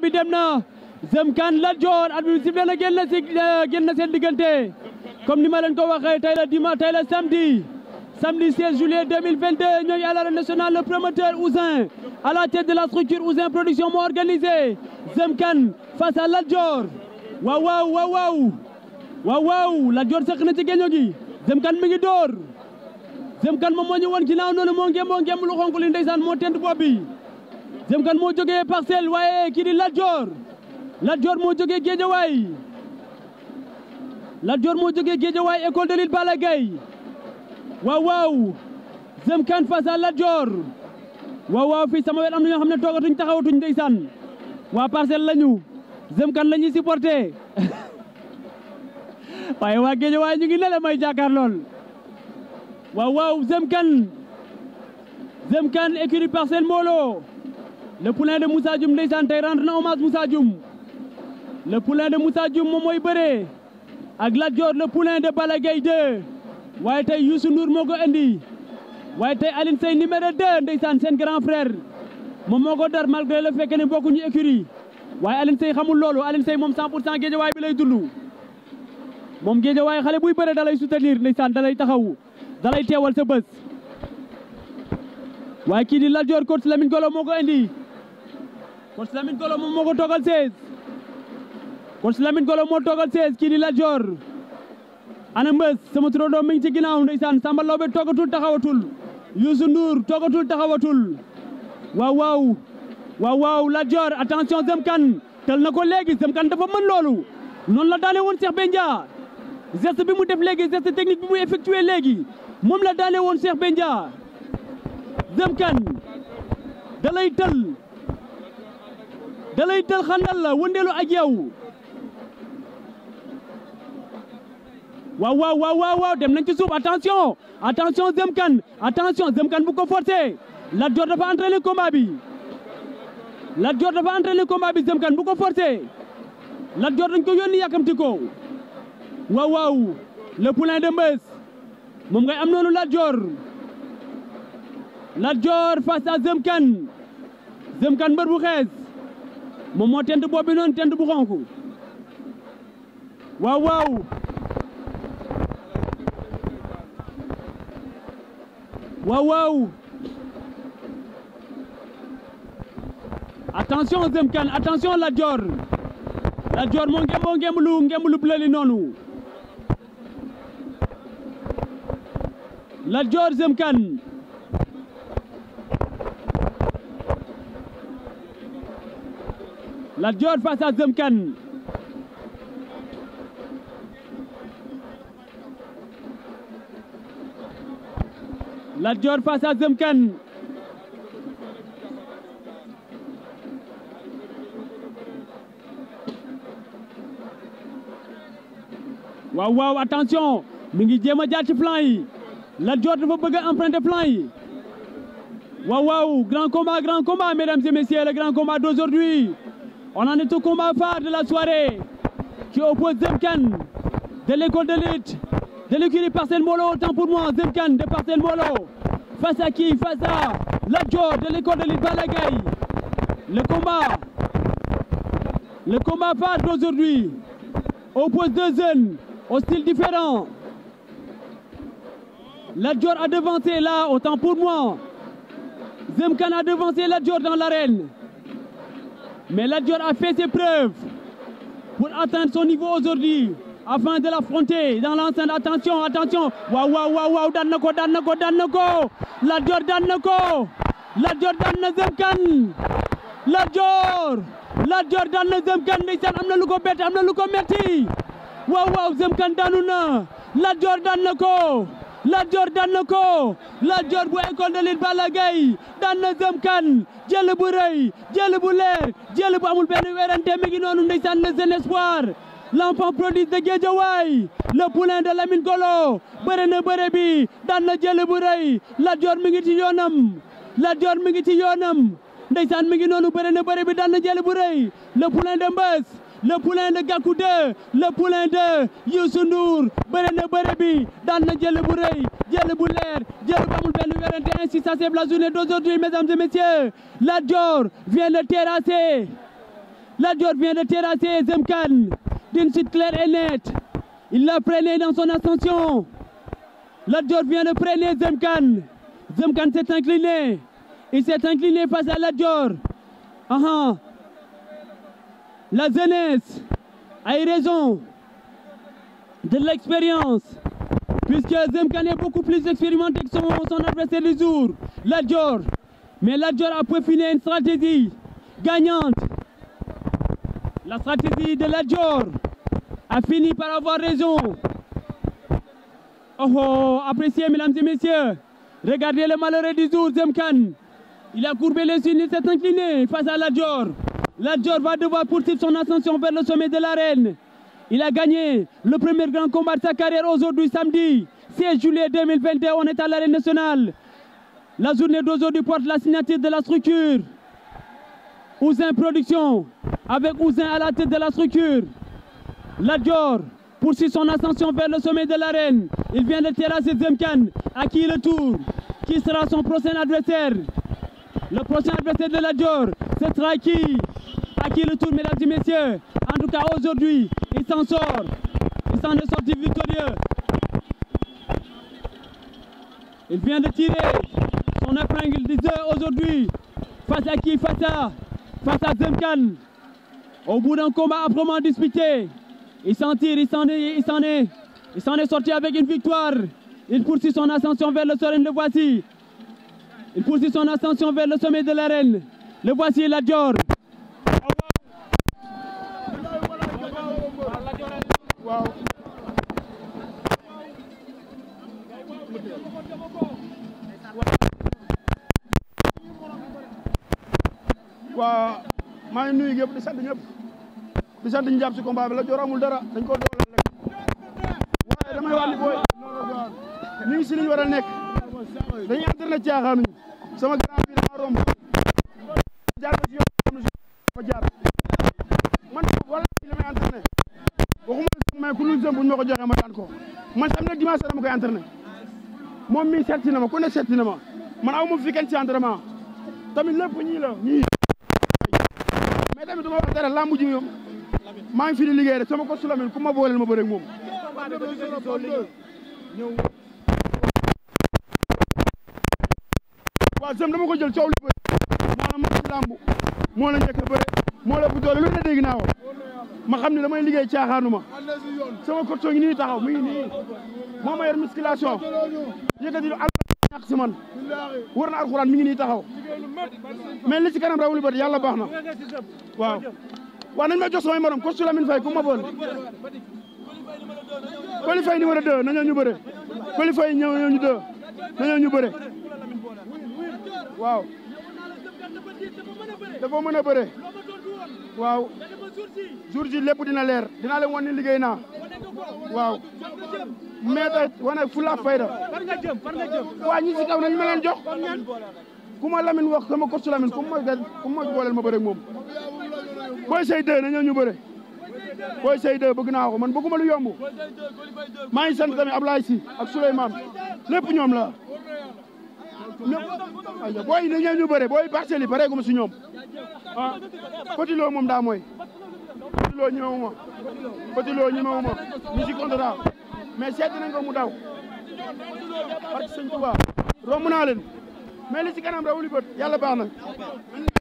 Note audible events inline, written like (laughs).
bi dem na Zemkane Lat Dior at bi sifflé na génn na eh, genn sen na comme ni ma ko waxe tay la dimanche tay la samedi samedi 16 juillet 2022 ñooy à l'arène nationale le promoteur Ouzin à la tête de la structure Ouzin production mo organisé Zemkane face à Lat Dior waaw waaw waaw waaw waaw waaw Lat Dior sëq na ci géño gi Zemkane mi ngi door Zemkane mo mo ñu woon ginnaaw noonu mo ngeen mo ngeen lu xonku li ndaysan mo tent bopp bi Diém Kane moo jógee parcelle waaye kii di Lat Dior Lat Dior moo jógee Géejawaay Lat Dior moo jóge Géejawaay école de l'île Balla Gaye waaw waaw Diém Kane face à fii sama wet am na xam ne toogatuñ taxawatuñ ndeysaan waa parcelle lañu Diém Kane la ñuy supporté (laughs) waaye waa Géejawaay ñu ngi lele may jàkkaar lool waaw waaw Diém Kane Diém Kane écurie le poulain de Moussa Dioum ndeysaan tey rendre na hommage Moussa Dioum le poulain de Moussa moom mooy bëree ak Lat joor le poulain de Balla Gaye 2 waaye tey Youssou Ndour moo ko indi waaye tey Alioune Seye numéro 2 ndeysaan seen grand frère moom moo ko dar malgré le fait que ne bokkuñu écurie waaye Alioune Seye xamul loolu Alioune Seye moom 100 pour cent géejawaay bi lay dund moom géejawaay xale buy bëre da lay soutenir ndeysaan da lay taxaw da teewal sa bës waaye kii di Lat Dior coach Lamine Golo moo ko indi coach Lamine Golo moom moo ko toogal 16 coach Lamine Golo moo toogal 16 kii di Lat Dior ana mbës sama turandoo mi ngi ci ginnaaw ndeysaan Samba Lawbe toogatul taxawatul Youssou Ndour toogatul taxawatul waaw waaw waaw waaw Lat Dior attention Zem Kane tel na ko léegi Zem Kane dafa mën loolu noonu la daane woon Cheikh Benja geste bi mu def léegi geste technique bi mu effectué léegi moom la daane woon Cheikh Benja Zem Kane da lay tël da lay tël xandal la wëndeelu ak yow waaw waaw waaw waaw dem nañ ci suuf attention attention Zemkan attention Zemkan bu ko forcé Lat Dior dafa entraîné combat bi Lat Dior dafa entraîné combat bi Zemkan bu ko forcé Lat Dior dañ ko yónni yàkkamti ko waaw waaw le poulain de am noonu Lat Dior Lat Dior face à Zemkan Zemkan mbër bu xees moom moo tent boobu noonu tent bu xonk waaw waaw waaw waaw attention Zemkan, attention la Dior La Dior mon ngemboo ngemblu ngemblu bleli nonu La Dior Zemkan. La Dior face à Zemken. La Dior face à Zemken. Waouh, waouh, attention mingi Djema Djati plan Dior ne bëgg pas emprunter plan Waouh, waouh, grand combat grand combat mesdames et messieurs le grand combat d'aujourd'hui on en est au combat phare de la soirée qui oppose Zemkan de l'école d'élite, de l'équipe de Parcel Molo, autant pour moi, Zemkan de Parcel Molo. Face à qui Face à Ladjo de l'école d'élite Balagay. Le combat, le combat phare d'aujourd'hui oppose deux jeunes au style différent. Ladjo a devancé là, autant pour moi. Zemkan a devancé Ladjo dans l'arène. Mais la l'Adior a fait ses preuves pour atteindre son niveau aujourd'hui afin de l'affronter dans l'enceinte. Attention, attention. Waouh, waouh, waouh, waouh. Dannoko, danako! Danneko. L'Adior Dannoko. L'Adior Danne Zemkan. La L'Adior la Zemkan. Ndeysaan am na lu ko bett am ko metti. Waouh, waouh, Zemkan danuna! La L'Adior Danneko. la jor dan ko la jor bu ekol de lit balla gay dan na zam kan jël bu reuy jël bu leer jël bu amul ben wérante mi ngi nonu ndeysan le jeune espoir l'enfant prodige de gejaway le poulain de lamine golo bere na bere bi dan na jël bu reuy la jor mi ngi ci yonam la jor mi ngi ci yonam ndeysan mi ngi nonu bere na bere bi dan na jël bu reuy le poulain de mbass le poulain de Gakou 2 le poulain de Youssou Ndour bëre na dans bi dan na jël bu rëy jël bu ainsi ça c'est blasonné d'aujourd'hui mesdames et messieurs La Dior vient de terrasser la Dior vient de terrasser Zemkan, d'une suite claire et nette il l'a prené dans son ascension La Dior vient de freiner Zemkan, Zemkan s'est incliné il s'est incliné face à la Dior aha la jeunesse a eu raison de l'expérience, puisque Zemkan est beaucoup plus expérimenté que son, adversaire du jour, Ladjor. Mais Ladjor a peaufiné une stratégie gagnante. La stratégie de Ladjor a fini par avoir raison. Oh, oh appréciez mesdames et messieurs, regardez le malheureux du jour, Zemkan. Il a courbé les signe, et s'est incliné face à Ladjor. La va devoir poursuivre son ascension vers le sommet de l'arène. Il a gagné le premier grand combat de sa carrière aujourd'hui, samedi 16 juillet 2021. On est à l'arène nationale. La journée d'aujourd'hui porte la signature de la structure. Ouzin Production, avec Ouzin à la tête de la structure. La poursuit son ascension vers le sommet de l'arène. Il vient de terrasser Zemkan. À qui le tour Qui sera son prochain adversaire Le prochain adversaire de la Dior, c'est qui à qui le tour, mesdames et messieurs. En tout cas, aujourd'hui, il s'en sort. Il s'en est sorti victorieux. Il vient de tirer son épingle des aujourd'hui. Face à qui Face à, Zemkan. Au bout d'un combat âprement disputé, il s'en tire, il s'en est, il s'en est, il s'en est sorti avec une victoire. Il poursuit son ascension vers le sommet, le voici. Il poursuit son ascension vers le sommet de l'arène. Le voici, la Dior. wa ma ngi nuyu yëpp di sant ñëpp di sant ñi ci combat bi la joro amul dara dañ ko doolal rek waaye damay wàlli boy ñu ngi si li ñu war a nekk dañuy entrer na caaxaanu ñu sama grand bi dama romb jaar ko si yoon am na si ma jaar man wala ci lamay entrer waxuma may ku lu jëm bu ñu ma ko joxe ma daan ko man tam nag dimanche dama koy entrer moom mii seet si na ma ku ne seet si na ma man aw ma fi kenn ci entraînement tamit lépp ñii ñii mais tamit du ma wax dara lamb ji moom maa ngi fi di liggéey rek sama ko Soulamine ku ma booleel ma bëre ak moom waaw jëm dama ko jël coow li bëri moo la mag ci lamb moo la njëkk a bëre moo la bu doole lu ne dégg naa ko ma xam ne damay liggéey caaxaanu ma sama coton ngi taxaw mi ngi nii moo ma yor musculation yëkkati lu àll ñàkk si man war na alxuraan mi ngi nii taxaw mais li ci kanam rawul bët yàlla baax na waaw waaw nañ ma jox samay morom costu Lamine Faye ku ma bool Coly Faye numéro 2 nañoo ñu bëre Coly Faye ñëw ñu 2 nañoo ñu bëre waaw dafa mën a bëre waaw jour ji lépp dina leer dinaa leen wan ni liggéey naa waaw mais tey wane fulla fayda waa ñi si kaw nañ ma leen jox ku ma Lamine wax sama coach Lamine ku ma ku ma booleel ma bëre moom Boy Seye ñu bëre Boy bëgg naa ko man bëgguma lu yomb maa ngi sant tamit Ablaye ak Souleymane lépp ñoom la mais booy na ngeen ñu bëre booy parcelles yi pare guma si ñoom ah Petit Lo moom daa mooy Petit Lo ñemewu ma Petit Lo ñemewu ma ñu mais seet nañ ko mu daw parce que sëñ Tuubaa romb naa leen mais li si kanam rawuli bët yàlla baax na